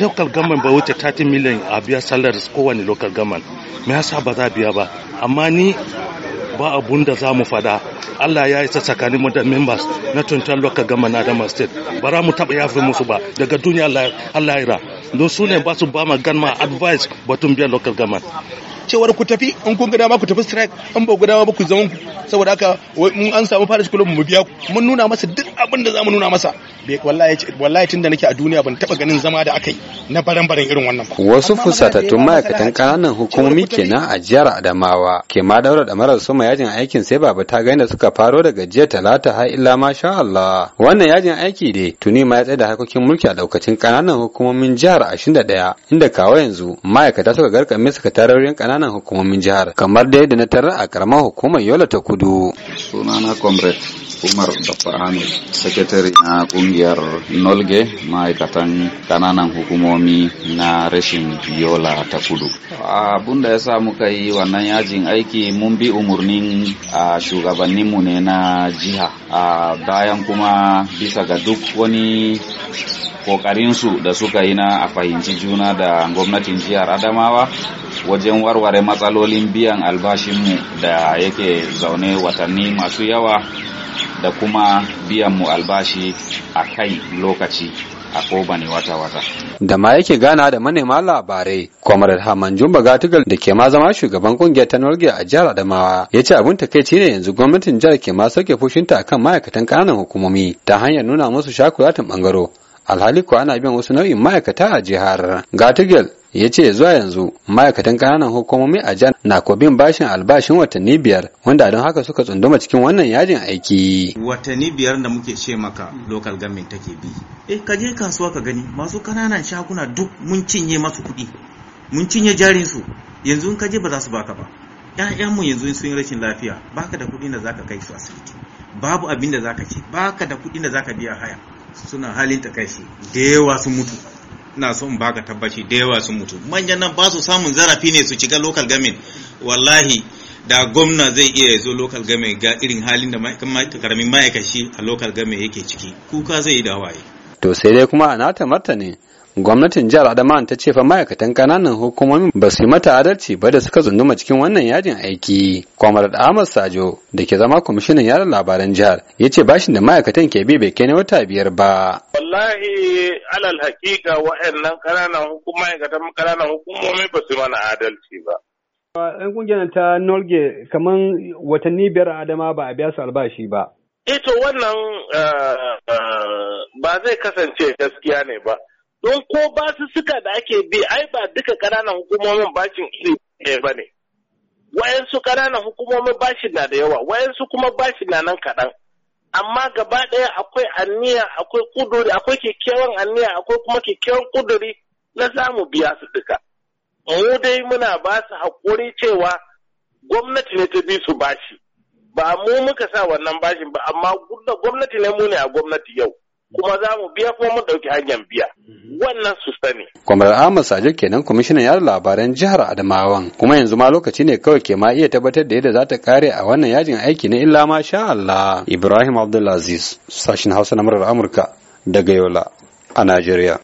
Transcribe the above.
local government ba wuce 30 million a biya salaries kowane local government me yasa ba za biya ba amma ni ba abun da za mu fada Allah ya isa tsakanin mu da members na tuntan local government na Adama state ba za mu taba fi musu ba daga duniya Allah ya don su ne ba su ba ma advice batun biyan local government cewar ku tafi in kun ga dama ku tafi strike in ba ku ba ku zama ku saboda haka mun an samu Paris Club mu biya ku mun nuna masa duk abin da zamu nuna masa wallahi wallahi tunda nake a duniya ban taba ganin zama da aka na baran-baran irin wannan ba wasu fusatattun ma'aikatan kananan hukumomi kenan a jihar Adamawa ke ma daura da marar suma yajin aikin sai babu ta ga inda suka faro daga jiya talata har illa masha Allah wannan yajin aiki dai tuni ma ya tsaya da harkokin mulki a daukacin kananan hukumomin jihar 21 inda kawo yanzu ma'aikata suka garkame sakataren kananan kananan hukumomin jihar kamar da na tarar a karamar hukumar yola ta kudu sunana comrade umar dr hamid sakatare na kungiyar nolge ma'aikatan kananan hukumomi na rashin yola ta kudu abun da ya sa muka yi wannan yajin aiki mun bi umarnin shugabannin a shugabanninmu ne na jiha a bayan kuma bisa ga duk wani kokarinsu da suka yi na a fahimci juna da gwamnatin jihar adamawa wajen warware matsalolin biyan albashinmu da yake zaune watanni masu yawa da kuma biyanmu albashi a kai lokaci a kowane wata-wata. Da ma yake gana da manema labarai, Comrade Haman Jumba Gatugal da ke ma zama shugaban kungiyar ta a jihar Adamawa, ya ce abin takaici ne yanzu gwamnatin jihar ke ma sauke fushinta kan ma'aikatan ƙananan hukumomi ta hanyar nuna musu shakulatin bangaro. Alhali ko ana biyan wasu nau'in ma'aikata a jihar. Gatugal ya ce zuwa yanzu ma'aikatan kananan hukumomi a jihar na bin bashin albashin watanni biyar wanda don haka suka tsunduma cikin wannan yajin aiki watanni biyar da muke ce maka local government take bi eh ka je kasuwa ka gani masu kananan shaguna duk mun cinye masu kuɗi mun cinye jarinsu yanzu in ka je ba za su baka ba mu yanzu sun yi rashin lafiya baka da kuɗin da zaka kai su asibiti babu abin da zaka ci baka da kuɗi da zaka biya haya suna halin takaici da yawa sun mutu ina son baka tabbaci da yawa sun mutu manyan nan ba su samun zarafi ne su shiga local government wallahi da gwamna zai iya zo local government ga irin halin da karamin ma'aikaci a local government yake ciki kuka zai yi da waye to sai dai kuma a nata martani gwamnatin jihar adamawa ta ce fa ma'aikatan kananan hukumomin ba su yi mata adalci ba da suka zunduma cikin wannan yajin aiki kwamar ahmad sajo da ke zama kwamishinan yaran labaran jihar ya ce bashin da ma'aikatan ke bi bai kai wata biyar ba wallahi alal hakika wa'annan kananan hukumai ma'aikatan kananan hukumomi ba su mana adalci ba yan kungiyar ta norge kamar watanni biyar adama ba a biya su albashi ba ito eh, wannan eh, eh, ba zai kasance gaskiya ne ba don ko suka da ake bi ai ba duka ƙananan hukumomin bashin iri ɗaya ba ne. Wayansu ƙananan hukumomin bashin na da yawa, wayansu kuma bashin na nan kaɗan. Amma gaba ɗaya akwai anniya, akwai kuduri, akwai kyakkyawan anniya, akwai kuma kyakkyawan kuduri na zamu biya su duka. Mu dai muna ba su haƙuri cewa gwamnati ne ta bi su bashi. Ba mu muka sa wannan bashin ba, amma gwamnati ne mu ne a gwamnati yau. kuma za mu biya kuma mun ɗauki hanyar biya wannan su sani. Kwamar Ahmad Sajo kenan kwamishinan yada labaran jihar Adamawan kuma yanzu ma lokaci ne kawai ke ma iya tabbatar da yadda za ta kare a wannan yajin aiki na illa ma sha Allah. Ibrahim Abdulaziz sashin Hausa na murar Amurka daga Yola a Najeriya.